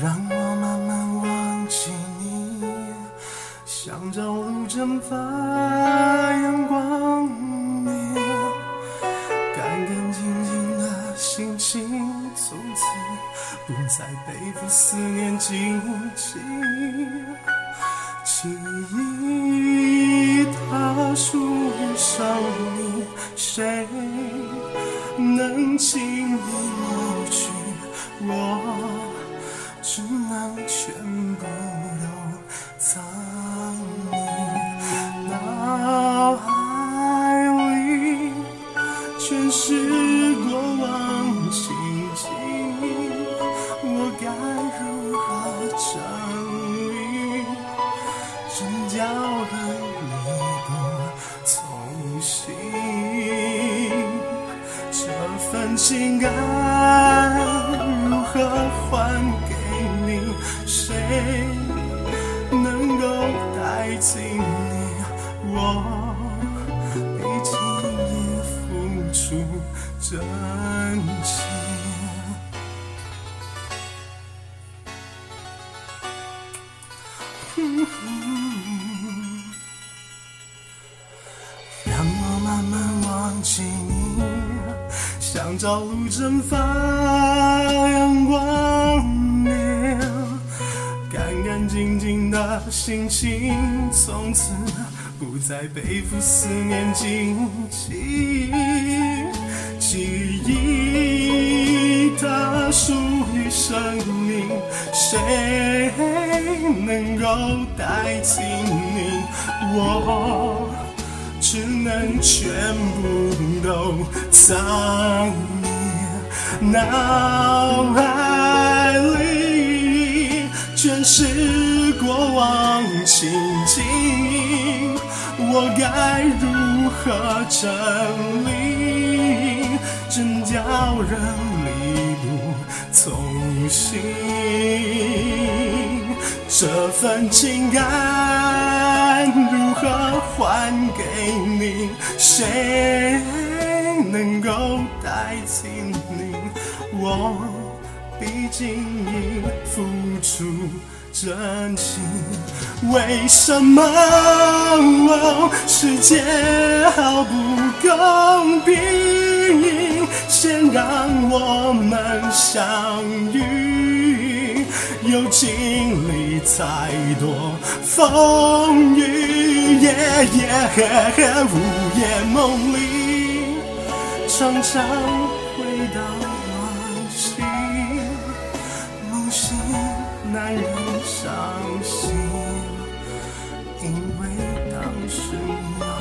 讓我慢慢忘記你，像朝露蒸發陽光裡，乾乾淨淨的心情，從此不再背負思念荊棘。記憶它屬於少年誰？情感如何還給你？誰能夠代替你？我畢竟也付出真情。讓我慢慢忘記你。像朝露蒸發，陽光明亮，乾乾淨淨的心情，從此不再背負思念，荊棘，記憶它屬於生命，誰能夠代替你我？全部都藏你腦海裡，全是過往情景，我該如何整理？真叫人力不從心，這份情感。如何還給你？誰能夠代替你？我、哦、畢竟已付出真心，為什麼、哦、世界好不公平？先讓我們相遇。又經歷再多風雨，夜夜黑黑，午夜夢裡常常回到往昔，夢醒難忍傷心，因為當時。